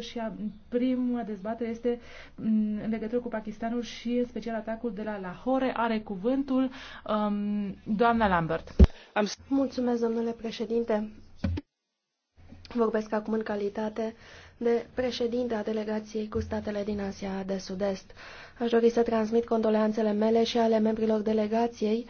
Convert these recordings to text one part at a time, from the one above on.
și a, prima dezbatere este mm, în legătură cu Pakistanul și în special atacul de la Lahore. Are cuvântul um, doamna Lambert. Am... Mulțumesc, domnule președinte. Vorbesc acum în calitate de președinte a delegației cu statele din Asia de Sud-Est. Aș dori să transmit condoleanțele mele și ale membrilor delegației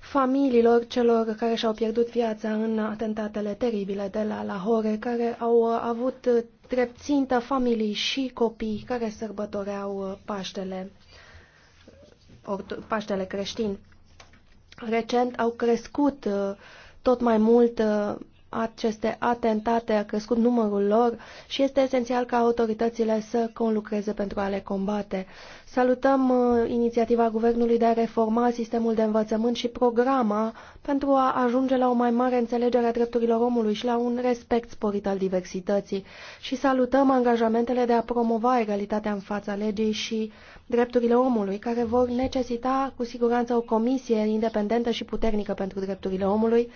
familiilor celor care și-au pierdut viața în atentatele teribile de la Lahore, care au avut treptintă familii și copii care sărbătoreau Paștele, Paștele creștin. Recent au crescut tot mai mult aceste atentate, a crescut numărul lor și este esențial ca autoritățile să conlucreze pentru a le combate. Salutăm uh, inițiativa Guvernului de a reforma sistemul de învățământ și programa pentru a ajunge la o mai mare înțelegere a drepturilor omului și la un respect sporit al diversității și salutăm angajamentele de a promova egalitatea în fața legii și drepturile omului, care vor necesita cu siguranță o comisie independentă și puternică pentru drepturile omului,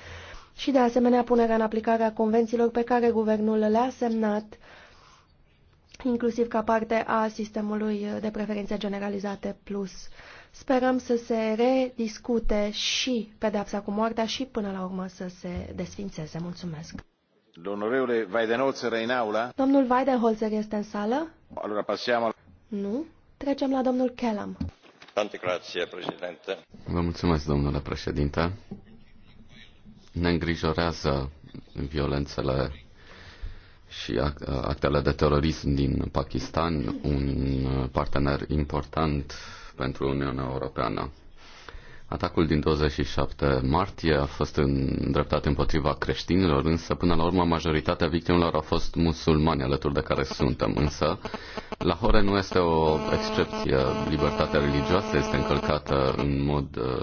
și de asemenea punerea în aplicare a convențiilor pe care guvernul le-a semnat, inclusiv ca parte a sistemului de preferințe generalizate plus. Sperăm să se rediscute și pedepsa cu moartea și până la urmă să se desfințeze. Mulțumesc. Domnule în aula? Domnul Weidenholzer este în sală? Alora, pasiamo... Nu. Trecem la domnul Kellam. președinte. Vă mulțumesc, domnule președinte. Ne îngrijorează violențele și actele de terorism din Pakistan, un partener important pentru Uniunea Europeană. Atacul din 27 martie a fost îndreptat împotriva creștinilor, însă până la urmă majoritatea victimelor au fost musulmani alături de care suntem. Însă Lahore nu este o excepție. Libertatea religioasă este încălcată în mod uh,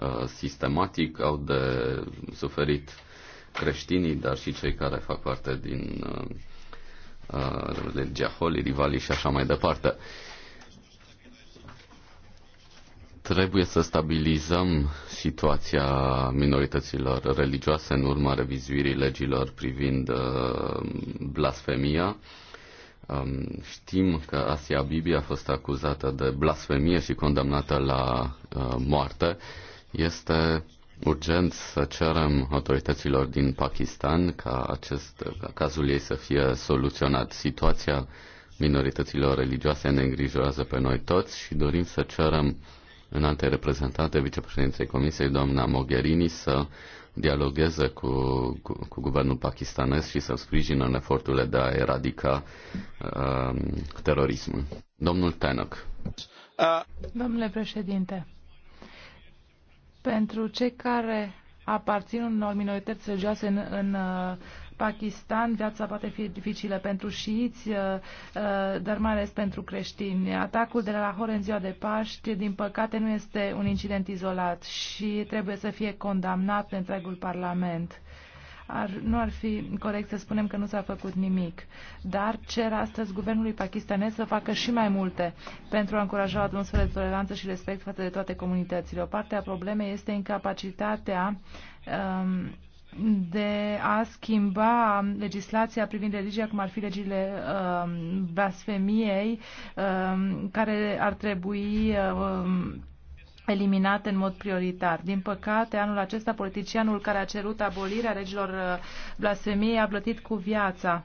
uh sistematic, au de suferit creștinii, dar și cei care fac parte din uh, uh religia Holi, rivalii și așa mai departe. Uh, trebuie să stabilizăm situația minorităților religioase în urma revizuirii legilor privind uh, blasfemia. Um, știm că Asia Bibi a fost acuzată de blasfemie și condamnată la uh, moarte. Este urgent să cerem autorităților din Pakistan ca acest ca cazul ei să fie soluționat. Situația minorităților religioase ne îngrijorează pe noi toți și dorim să cerem uh, în alte reprezentante vicepreședinței Comisiei, doamna Mogherini, să dialogueze cu, cu, cu guvernul pakistanez și să sprijină în eforturile de a eradica uh, terorismul. Domnul Tenok. Domnule președinte, pentru cei care aparțin unor minorități religioase în, în uh, Pakistan, viața poate fi dificilă pentru șiiți, uh, uh, dar mai ales pentru creștini. Atacul de la Lahore în ziua de Paști, din păcate, nu este un incident izolat și trebuie să fie condamnat de întregul Parlament ar, nu ar fi corect să spunem că nu s-a făcut nimic, dar cer astăzi guvernului pakistanez să facă și mai multe pentru a încuraja o atmosferă de toleranță și respect față de toate comunitățile. O parte a problemei este incapacitatea um, de a schimba legislația privind religia, cum ar fi legile uh, blasfemiei, uh, care ar trebui uh, eliminate în mod prioritar. Din păcate, anul acesta, politicianul care a cerut abolirea regilor uh, blasfemiei a plătit cu viața.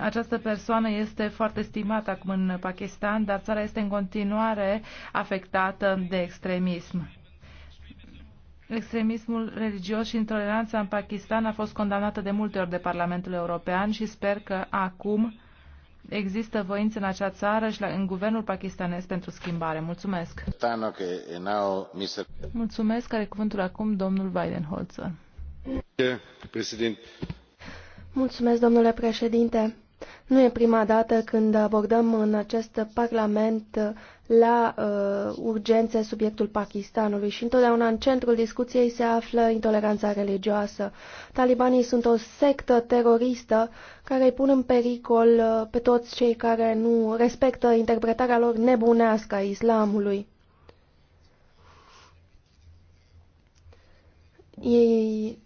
Această persoană este foarte stimată acum în Pakistan, dar țara este în continuare afectată de extremism. Extremismul religios și intoleranța în Pakistan a fost condamnată de multe ori de Parlamentul European și sper că acum există voință în acea țară și la, în guvernul pakistanez pentru schimbare. Mulțumesc! Mulțumesc, care cuvântul acum domnul Weidenholzer. Mulțumesc, domnule președinte. Nu e prima dată când abordăm în acest Parlament la uh, urgențe subiectul Pakistanului și întotdeauna în centrul discuției se află intoleranța religioasă. Talibanii sunt o sectă teroristă care îi pun în pericol uh, pe toți cei care nu respectă interpretarea lor nebunească a islamului. Ei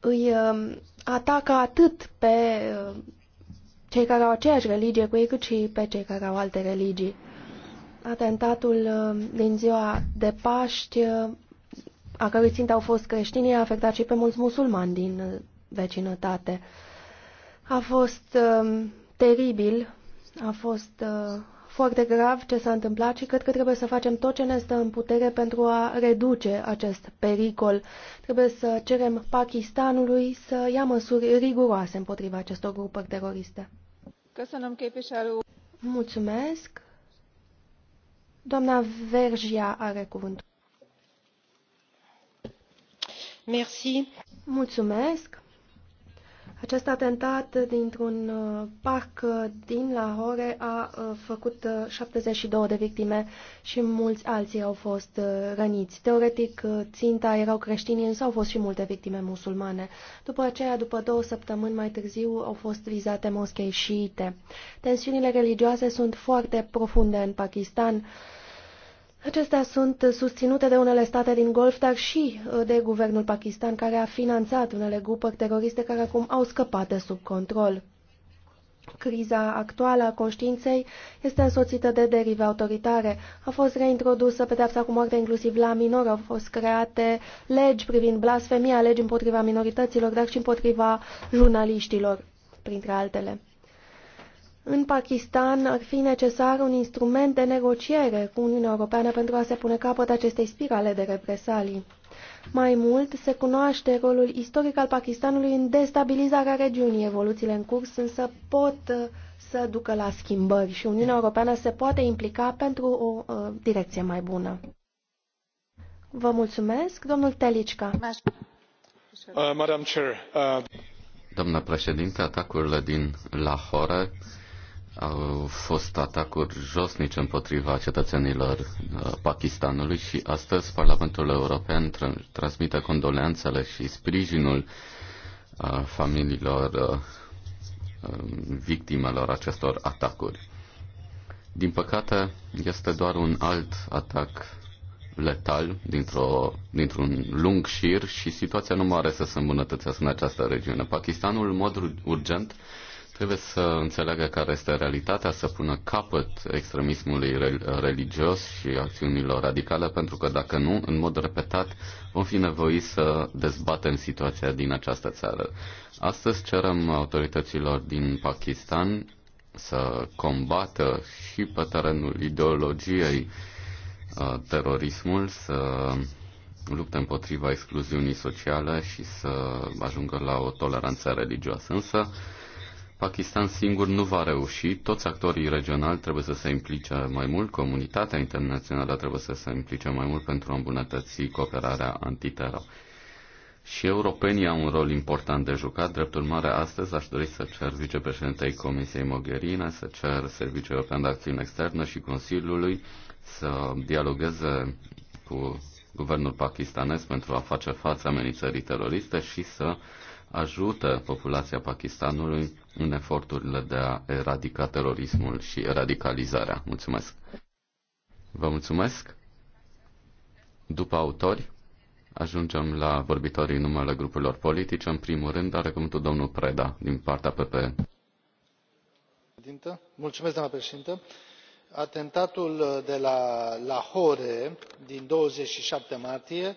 îi uh, atacă atât pe uh, cei care au aceeași religie cu ei, cât și pe cei care au alte religii. Atentatul uh, din ziua de Paști, uh, a cărui ținte au fost creștinii, a afectat și pe mulți musulmani din uh, vecinătate. A fost uh, teribil, a fost uh, foarte grav ce s-a întâmplat și cred că trebuie să facem tot ce ne stă în putere pentru a reduce acest pericol. Trebuie să cerem Pakistanului să ia măsuri riguroase împotriva acestor grupuri teroriste. Mulțumesc. Doamna Vergia are cuvântul. Merci. Mulțumesc. Acest atentat dintr-un uh, parc uh, din Lahore a uh, făcut 72 de victime și mulți alții au fost răniți. Teoretic, ținta erau creștini, însă au fost și multe victime musulmane. După aceea, după două săptămâni mai târziu, au fost vizate moschei șiite. Tensiunile religioase sunt foarte profunde în Pakistan. Acestea sunt susținute de unele state din Golf, dar și uh, de guvernul Pakistan, care a finanțat unele grupări teroriste care acum au scăpat de sub control. Criza actuală a conștiinței este însoțită de derive autoritare. A fost reintrodusă pedeapsa cu moarte inclusiv la minori, au fost create legi privind blasfemia, legi împotriva minorităților, dar și împotriva jurnaliștilor, printre altele în Pakistan ar fi necesar un instrument de negociere cu Uniunea Europeană pentru a se pune capăt acestei spirale de represalii. Mai mult, se cunoaște rolul istoric al Pakistanului în destabilizarea regiunii. Evoluțiile în curs însă pot uh, să ducă la schimbări și Uniunea Europeană se poate implica pentru o uh, direcție mai bună. Vă mulțumesc, domnul Telicca. Uh, Madam Chair, uh... Doamna președinte, atacurile din Lahore au fost atacuri josnice împotriva cetățenilor uh, Pakistanului și astăzi Parlamentul European transmite condoleanțele și sprijinul uh, familiilor uh, um, victimelor acestor atacuri. Din păcate, este doar un alt atac letal dintr-o, dintr-un lung șir și situația nu mai să se îmbunătățească în această regiune. Pakistanul, în mod urgent, Trebuie să înțeleagă care este realitatea, să pună capăt extremismului religios și acțiunilor radicale, pentru că dacă nu, în mod repetat, vom fi nevoiți să dezbatem situația din această țară. Astăzi cerem autorităților din Pakistan să combată și pe terenul ideologiei uh, terorismul, să lupte împotriva excluziunii sociale și să ajungă la o toleranță religioasă. Însă, Pakistan singur nu va reuși, toți actorii regionali trebuie să se implice mai mult, comunitatea internațională trebuie să se implice mai mult pentru a îmbunătăți cooperarea antiteror. Și europenii au un rol important de jucat. Drept urmare, astăzi aș dori să cer vicepreședintei Comisiei Mogherini, să cer Serviciul European de Acțiune Externă și Consiliului să dialogueze cu guvernul pakistanez pentru a face față amenințării teroriste și să uh, ajută populația Pakistanului în eforturile de a eradica terorismul și radicalizarea. Mulțumesc! Vă mulțumesc! După autori, ajungem la vorbitorii numele grupurilor politice. În primul rând, are cuvântul domnul Preda, din partea PP. Mulțumesc, doamna președintă. Atentatul de la Lahore din 27 martie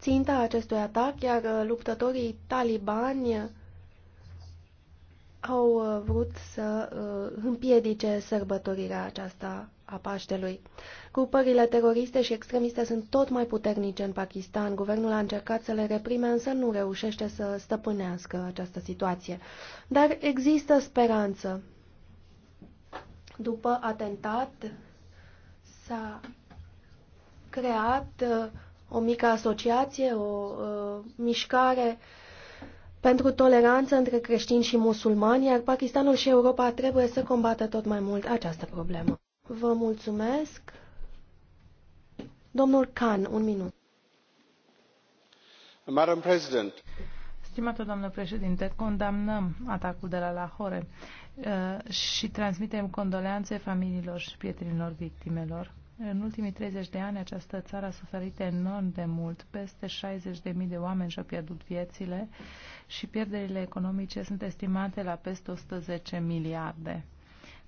ținta acestui atac, iar uh, luptătorii talibani au uh, vrut să uh, împiedice sărbătorirea aceasta a Paștelui. Grupările teroriste și extremiste sunt tot mai puternice în Pakistan. Guvernul a încercat să le reprime, însă nu reușește să stăpânească această situație. Dar există speranță. După atentat s-a creat o mică asociație, o uh, mișcare pentru toleranță între creștini și musulmani, iar Pakistanul și Europa trebuie să combată tot mai mult această problemă. Vă mulțumesc. Domnul Khan, un minut. Madam President. Stimată doamnă președinte, condamnăm atacul de la Lahore uh, și transmitem condoleanțe familiilor și prietenilor victimelor. În ultimii 30 de ani, această țară a suferit enorm de mult. Peste 60.000 de oameni și-au pierdut viețile și pierderile economice sunt estimate la peste 110 miliarde.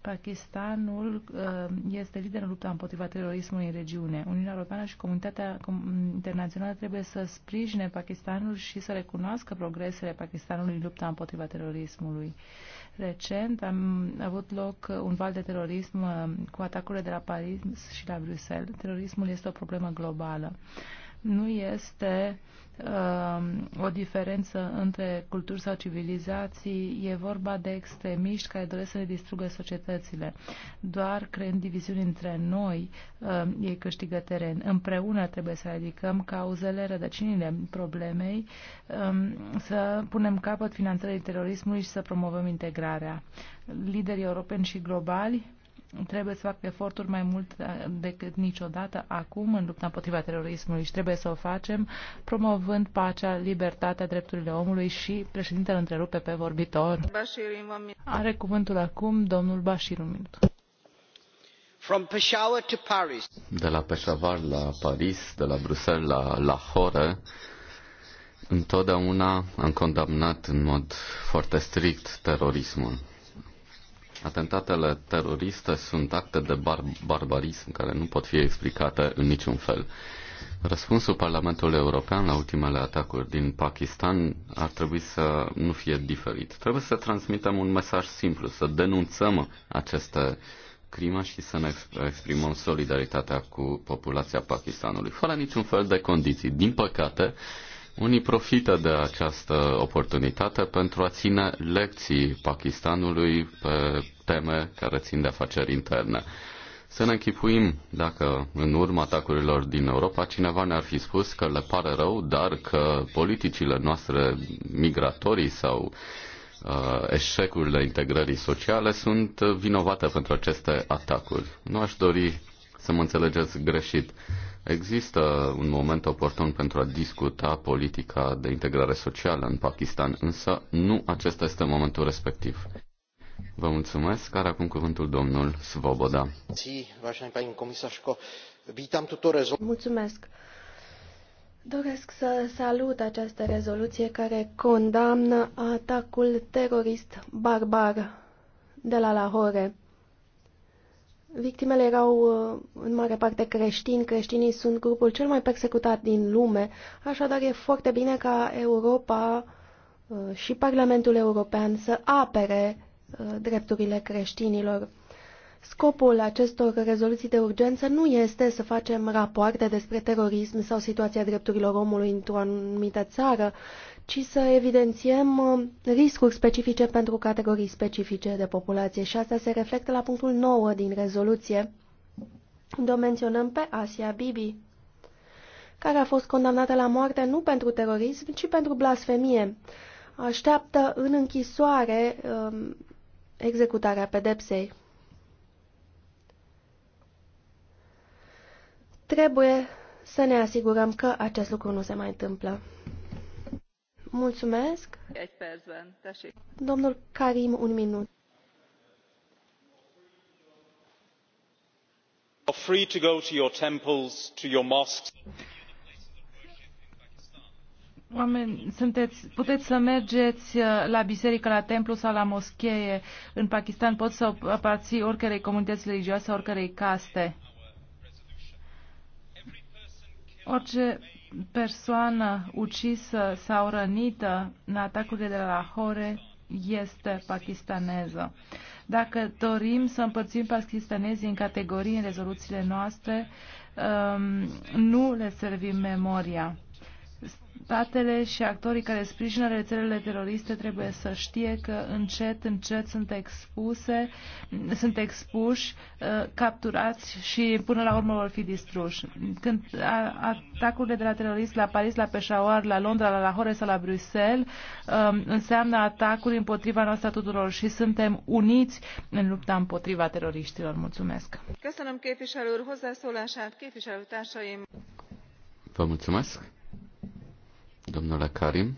Pakistanul uh, este lider în lupta împotriva terorismului în regiune. Uniunea Europeană și comunitatea internațională trebuie să sprijine Pakistanul și să recunoască progresele Pakistanului în lupta împotriva terorismului. Recent am avut loc un val de terorism uh, cu atacurile de la Paris și la Bruxelles. Terorismul este o problemă globală nu este um, o diferență între culturi sau civilizații, e vorba de extremiști care doresc să le distrugă societățile. Doar creând diviziuni între noi, um, ei câștigă teren. Împreună trebuie să ridicăm cauzele, rădăcinile problemei, um, să punem capăt finanțării terorismului și să promovăm integrarea. Liderii europeni și globali trebuie să fac eforturi mai mult eh, decât niciodată acum în lupta împotriva terorismului și trebuie să o facem promovând pacea, libertatea, drepturile omului și președintele întrerupe pe vorbitor. Are cuvântul acum domnul Bashir un minut. From Peshawar to Paris. De la Peshawar la Paris, de la Bruxelles la Lahore, întotdeauna am condamnat în mod foarte strict terorismul Atentatele teroriste sunt acte de bar- barbarism care nu pot fi explicate în niciun fel. Răspunsul Parlamentului European la ultimele atacuri din Pakistan ar trebui să nu fie diferit. Trebuie să transmitem un mesaj simplu, să denunțăm aceste crime și să ne exprimăm solidaritatea cu populația Pakistanului, fără niciun fel de condiții. Din păcate, uh, unii profită de această oportunitate pentru a ține lecții Pakistanului pe teme care țin de afaceri interne. Să ne închipuim dacă în urma atacurilor din Europa cineva ne-ar fi spus că le pare rău, dar că politicile noastre migratorii sau uh, eșecurile integrării sociale sunt uh, vinovate pentru aceste atacuri. Nu aș dori să mă înțelegeți greșit. Există un moment oportun pentru a discuta politica de integrare socială în Pakistan, însă nu acesta este momentul respectiv. Vă mulțumesc, care acum cuvântul domnul Svoboda. Mulțumesc. Doresc să salut această rezoluție care condamnă atacul terorist barbar de la Lahore Victimele erau uh, în mare parte creștini, creștinii sunt grupul cel mai persecutat din lume, așadar e foarte bine ca Europa uh, și Parlamentul European să apere uh, drepturile creștinilor. Scopul acestor rezoluții de urgență nu este să facem rapoarte despre terorism sau situația drepturilor omului într-o anumită țară, ci să evidențiem uh, riscuri specifice pentru categorii specifice de populație și asta se reflectă la punctul 9 din rezoluție, unde o menționăm pe Asia Bibi, care a fost condamnată la moarte nu pentru terorism, ci pentru blasfemie. Așteaptă în închisoare um, executarea pedepsei. Trebuie să ne asigurăm că acest lucru nu se mai întâmplă. Mulțumesc. Domnul Karim, un minut. free to go to your temples, to your mosques. Oameni, sunteți, puteți să mergeți uh, la biserică, la templu sau la moschee. În Pakistan pot să aparții oricărei comunități religioase, oricărei caste. Orice persoană ucisă sau rănită în atacurile de la Lahore este pakistaneză. Dacă dorim să împărțim pakistanezii în categorii în rezoluțiile noastre, um, nu le servim memoria. Statele și actorii care sprijină rețelele teroriste trebuie să știe că încet, încet sunt expuse, sunt expuși, uh, capturați și până la urmă vor fi distruși. Când atacurile de la terorist la Paris, la Peshawar, la Londra, la Lahore sau la Bruxelles um, înseamnă atacuri împotriva noastră tuturor și suntem uniți în lupta împotriva teroriștilor. Mulțumesc! Vă mulțumesc! Domnule Karim,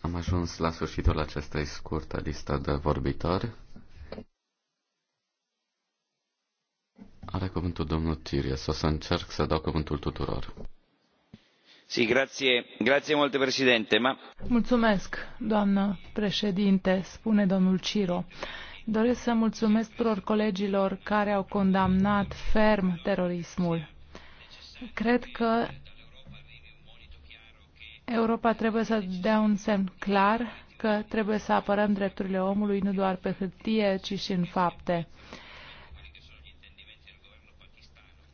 am ajuns la sfârșitul acestei scurte liste de vorbitori. Are cuvântul domnul Tiries. O să încerc să dau cuvântul tuturor. Si, grazie, grazie mult, președinte. Ma... Mulțumesc, doamnă președinte, spune domnul Ciro. Doresc să mulțumesc tuturor colegilor care au condamnat ferm terorismul. Cred că Europa trebuie să dea un semn clar că trebuie să apărăm drepturile omului nu doar pe hârtie, ci și în fapte.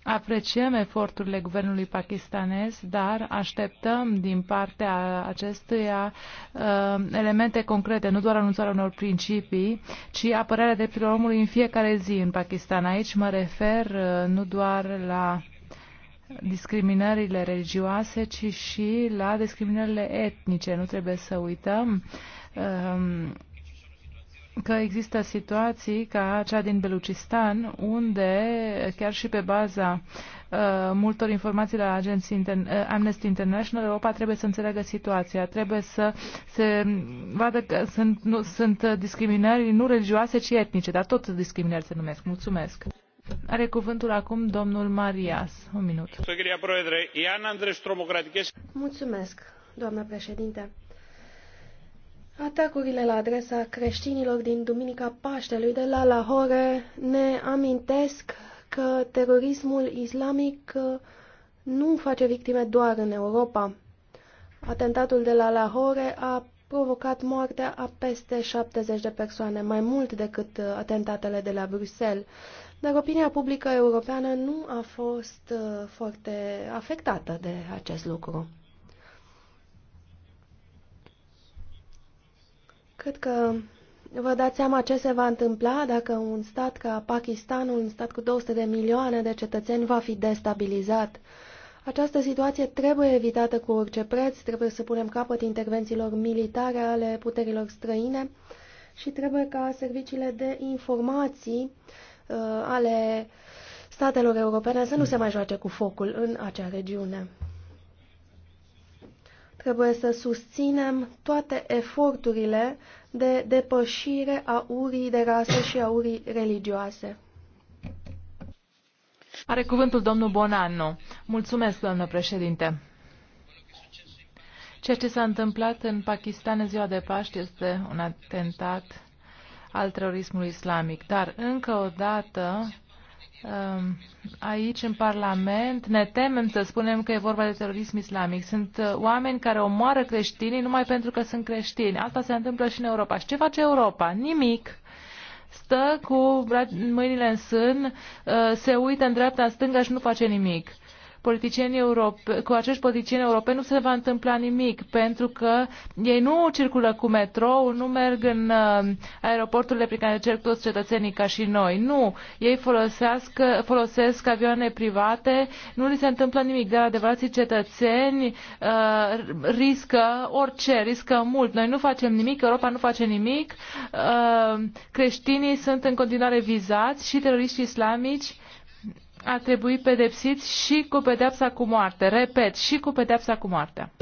Apreciem eforturile guvernului pakistanez, dar așteptăm din partea acestuia uh, elemente concrete, nu doar anunțarea unor principii, ci apărarea drepturilor omului în fiecare zi în Pakistan. Aici mă refer uh, nu doar la discriminările religioase, ci și la discriminările etnice. Nu trebuie să uităm um, că există situații ca cea din Belucistan, unde chiar și pe baza uh, multor informații la agenții intern, uh, Amnesty International, Europa trebuie să înțeleagă situația, trebuie să se vadă că sunt, nu, sunt discriminări nu religioase, ci etnice, dar tot discriminări se numesc. Mulțumesc! Are cuvântul acum domnul Marias. Un minut. Mulțumesc, doamnă președinte. Atacurile la adresa creștinilor din Duminica Paștelui de la Lahore ne amintesc că terorismul islamic uh, nu face victime doar în Europa. Atentatul de la Lahore a provocat moartea a peste 70 de persoane, mai mult decât uh, atentatele de la Bruxelles dar opinia publică europeană nu a fost uh, foarte afectată de acest lucru. Cred că vă dați seama ce se va întâmpla dacă un stat ca Pakistanul, un stat cu 200 de milioane de cetățeni, va fi destabilizat. Această situație trebuie evitată cu orice preț, trebuie să punem capăt intervențiilor militare ale puterilor străine și trebuie ca serviciile de informații Uh, ale statelor europene să nu se mai joace cu focul în acea regiune. Trebuie să susținem toate eforturile de depășire a urii de rasă și a urii religioase. Are cuvântul domnul Bonanno. Mulțumesc, doamnă președinte. Ceea ce s-a întâmplat în Pakistan în ziua de Paști este un atentat al terorismului islamic. Dar, încă o dată, um, aici în Parlament ne temem să spunem că e vorba de terorism islamic. Sunt uh, oameni care omoară creștinii numai pentru că sunt creștini. Asta se întâmplă și în Europa. Și ce face Europa? Nimic. Stă cu mâinile în sân, uh, se uită în dreapta, în stânga și nu face nimic politicieni europe, cu acești politicieni europeni nu se va întâmpla nimic, pentru că ei nu circulă cu metrou, nu merg în uh, aeroporturile prin care cerc toți cetățenii ca și noi. Nu, ei folosesc avioane private, nu li se întâmplă nimic, dar adevărații cetățeni uh, riscă orice, riscă mult. Noi nu facem nimic, Europa nu face nimic, uh, creștinii sunt în continuare vizați și teroriștii islamici ar trebui pedepsiți și cu pedepsa cu moarte. Repet, și cu pedepsa cu moarte.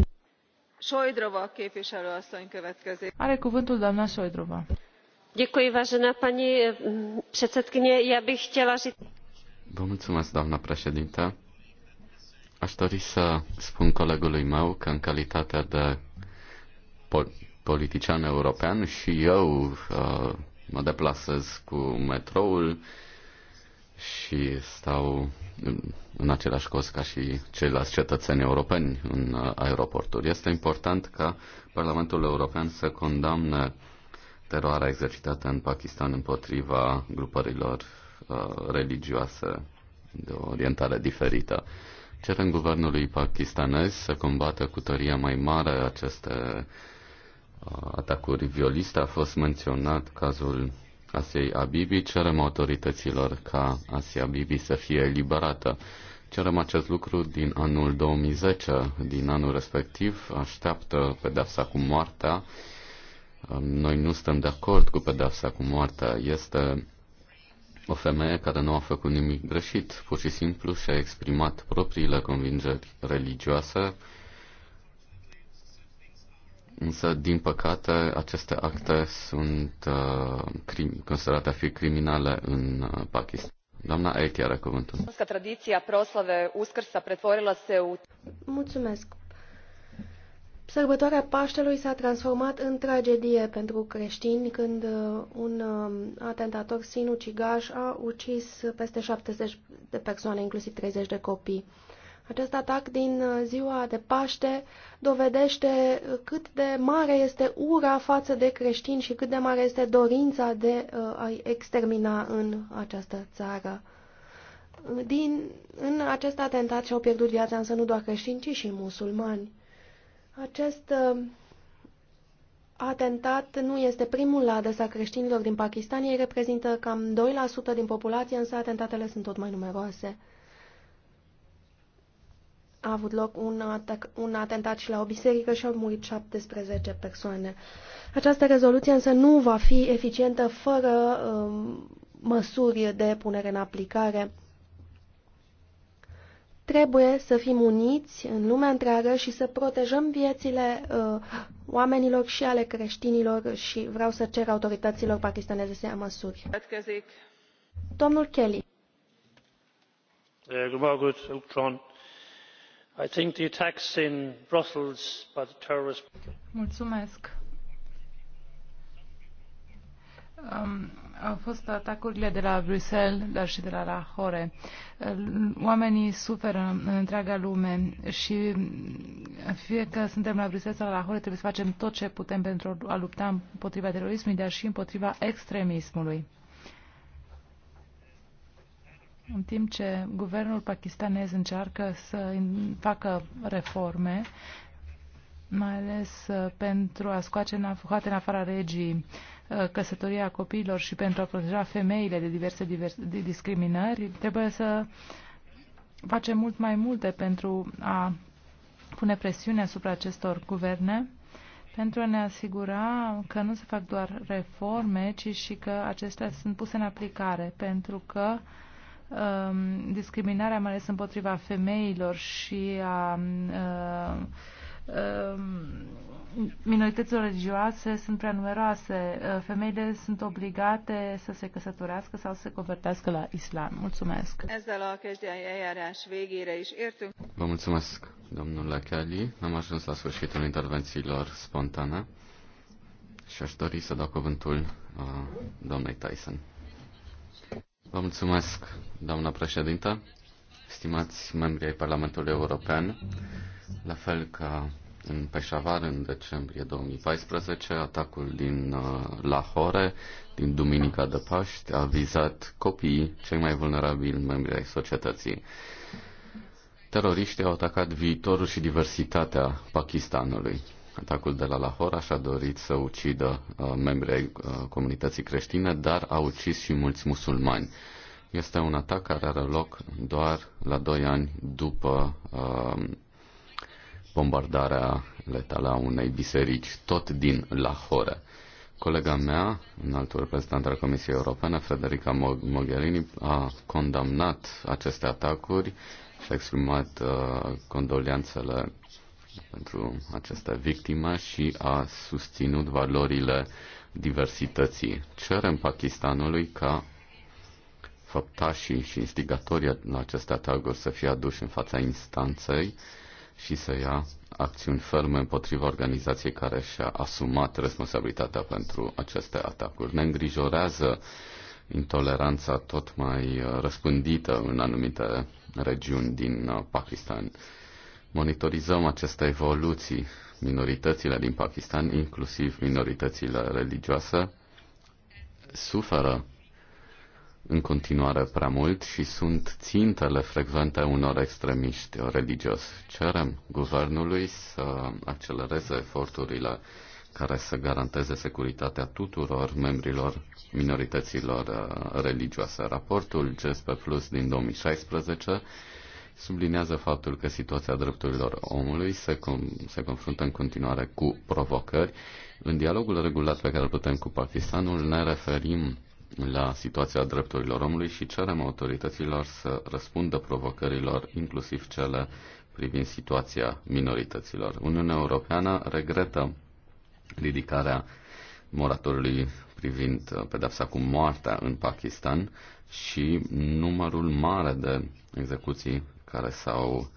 Sojdrova, képviselő asszony következik. Are cuvântul doamna Sojdrova. Děkuji, vážená paní mm, předsedkyně. Já bych chtěla říct... Vă mulțumesc, doamna președintă. Aș dori să spun colegului meu că în calitatea de politician european și eu uh, mă deplasez cu metroul, și stau în același cost ca și ceilalți cetățeni europeni în uh, aeroporturi. Este important ca Parlamentul European să condamne teroarea exercitată în Pakistan împotriva grupărilor uh, religioase de o orientare diferită. Cerem guvernului pakistanez să combată cu tăria mai mare aceste uh, atacuri violiste. A fost menționat cazul Asiei Abibi, cerem autorităților ca Asia Bibi să fie eliberată. Cerem acest lucru din anul 2010. Din anul respectiv așteaptă pedeapsa cu moartea. Noi nu suntem de acord cu pedeapsa cu moartea. Este o femeie care nu a făcut nimic greșit. Pur și simplu și-a exprimat propriile convingeri religioase Însă, din păcate, aceste acte sunt uh, crim, considerate a fi criminale în uh, Pakistan. Doamna Echi are cuvântul. Tradiția proslave Uscărsa pretvorila se u... Mulțumesc. Sărbătoarea Paștelui s-a transformat în tragedie pentru creștini când uh, un uh, atentator sinucigaș a ucis peste 70 de persoane, inclusiv 30 de copii. Acest atac din uh, ziua de Paște dovedește uh, cât de mare este ura față de creștini și cât de mare este dorința de uh, a-i extermina în această țară. Din, în acest atentat și-au pierdut viața însă nu doar creștini, ci și musulmani. Acest atentat nu este primul la adresa creștinilor din Pakistan. Ei reprezintă cam 2% din populație, însă atentatele sunt tot mai numeroase a avut loc un, atac, un atentat și la o biserică și au murit 17 persoane. Această rezoluție însă nu va fi eficientă fără um, măsuri de punere în aplicare. Trebuie să fim uniți în lumea întreagă și să protejăm viețile uh, oamenilor și ale creștinilor și vreau să cer autorităților pakistaneze să ia măsuri. Domnul Kelly. Uh, Mulțumesc. Um, au fost atacurile de la Bruxelles, dar și de la Lahore. Uh, oamenii suferă în întreaga lume și uh, fie că suntem la Bruxelles sau la Lahore, trebuie să facem tot ce putem pentru a lupta împotriva terorismului, dar și împotriva extremismului în timp ce guvernul pakistanez încearcă să facă reforme, mai ales uh, pentru a scoate în, af- în afara regii uh, căsătoria copiilor și pentru a proteja femeile de diverse divers, de discriminări, trebuie să facem mult mai multe pentru a pune presiune asupra acestor guverne pentru a ne asigura că nu se fac doar reforme, ci și că acestea sunt puse în aplicare, pentru că uh, Um, discriminarea, mai ales împotriva femeilor și a uh, um, minorităților religioase sunt prea numeroase. Uh, femeile sunt obligate să se căsătorească sau să se convertească la islam. Mulțumesc. Vă mulțumesc, domnule Kelly. Am ajuns la sfârșitul intervențiilor spontane și aș dori să dau cuvântul uh, doamnei Tyson. Vă mulțumesc, doamna președintă, stimați membri ai Parlamentului European. La fel ca în Peșavar, în decembrie 2014, atacul din uh, Lahore, din Duminica de Paști, a vizat copiii, cei mai vulnerabili membri ai societății. Teroriștii au atacat viitorul și diversitatea Pakistanului atacul de la Lahore și-a dorit să ucidă uh, membrii uh, comunității creștine, dar a ucis și mulți musulmani. Este un atac care are loc doar la doi ani după uh, bombardarea letală a unei biserici, tot din Lahore. Colega mea, un altul reprezentant al Comisiei Europene, Frederica Mogherini, a condamnat aceste atacuri și a exprimat uh, condolianțele pentru această victimă și a susținut valorile diversității. Cerem Pakistanului ca făptașii și instigatorii la aceste atacuri să fie aduși în fața instanței și să ia acțiuni ferme împotriva organizației care și-a asumat responsabilitatea pentru aceste atacuri. Ne îngrijorează intoleranța tot mai răspândită în anumite regiuni din uh, Pakistan monitorizăm aceste evoluții, minoritățile din Pakistan, inclusiv minoritățile religioase, suferă în continuare prea mult și sunt țintele frecvente unor extremiști religioși. Cerem guvernului să accelereze eforturile care să garanteze securitatea tuturor membrilor minorităților uh, religioase. Raportul GSP Plus din 2016 sublinează faptul că situația drepturilor omului se, com- se confruntă în continuare cu provocări. În dialogul regulat pe care îl putem cu Pakistanul ne referim la situația drepturilor omului și cerem autorităților să răspundă provocărilor, inclusiv cele privind situația minorităților. Uniunea Europeană regretă ridicarea moratorului privind uh, pedepsa cu moartea în Pakistan și numărul mare de execuții care s-au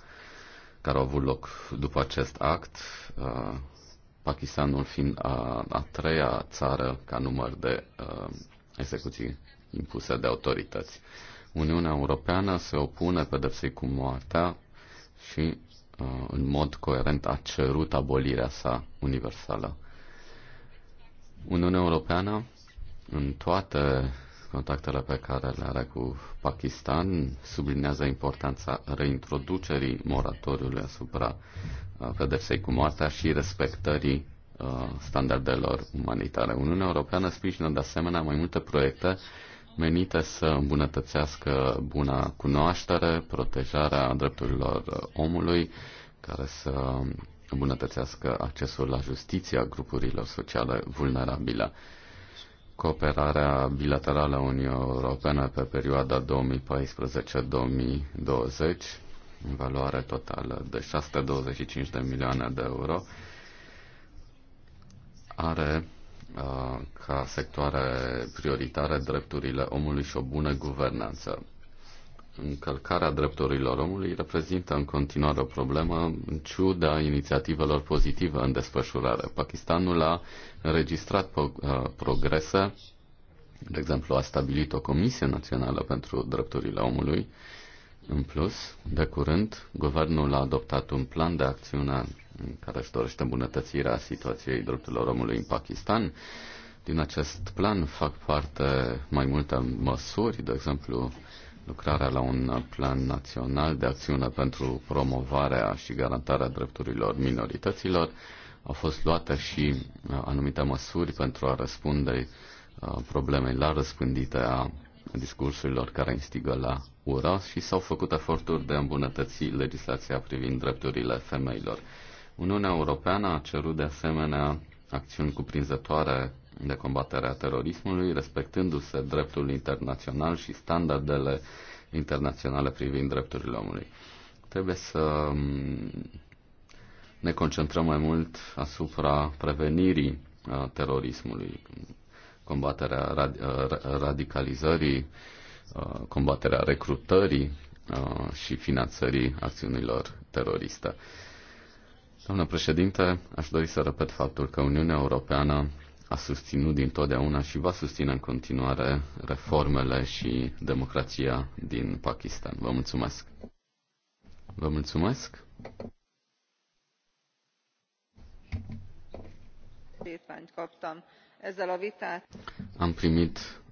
care au avut loc după acest act, uh, Pakistanul fiind a, a treia țară ca număr de uh, execuții impuse de autorități. Uniunea Europeană se opune pedepsei cu moartea și uh, în mod coerent a cerut abolirea sa universală. Uniunea Europeană în toate contactele pe care le are cu Pakistan, sublinează importanța reintroducerii moratoriului asupra uh, pedepsei cu moartea și respectării uh, standardelor umanitare. Uniunea Europeană sprijină de asemenea mai multe proiecte menite să îmbunătățească buna cunoaștere, protejarea drepturilor uh, omului, care să îmbunătățească accesul la justiție a grupurilor sociale vulnerabile cooperarea bilaterală a Uniunii Europene pe perioada 2014-2020, în valoare totală de 625 de milioane de euro, are uh, ca sectoare prioritare drepturile omului și o bună guvernanță încălcarea drepturilor omului reprezintă în continuare o problemă în ciuda inițiativelor pozitive în desfășurare. Pakistanul a înregistrat uh, progrese, de exemplu a stabilit o comisie națională pentru drepturile omului. În plus, de curând, guvernul a adoptat un plan de acțiune în care își dorește îmbunătățirea situației drepturilor omului în Pakistan. Din acest plan fac parte mai multe măsuri, de exemplu, lucrarea la un plan național de acțiune pentru promovarea și garantarea drepturilor minorităților. Au fost luate și uh, anumite măsuri pentru a răspunde uh, problemei la răspândite a discursurilor care instigă la ură și s-au făcut eforturi de a îmbunătăți legislația privind drepturile femeilor. Uniunea Europeană a cerut de asemenea acțiuni cuprinzătoare de combatere a terorismului, respectându-se dreptul internațional și standardele internaționale privind drepturile omului. Trebuie să mm, ne concentrăm mai mult asupra prevenirii terorismului, combaterea radicalizării, combaterea recrutării și finanțării acțiunilor teroriste. Doamnă președinte, aș dori să repet faptul că Uniunea Europeană a susținut dintotdeauna și va susține în continuare reformele și democrația din Pakistan. Vă mulțumesc! Vă mulțumesc! Am primit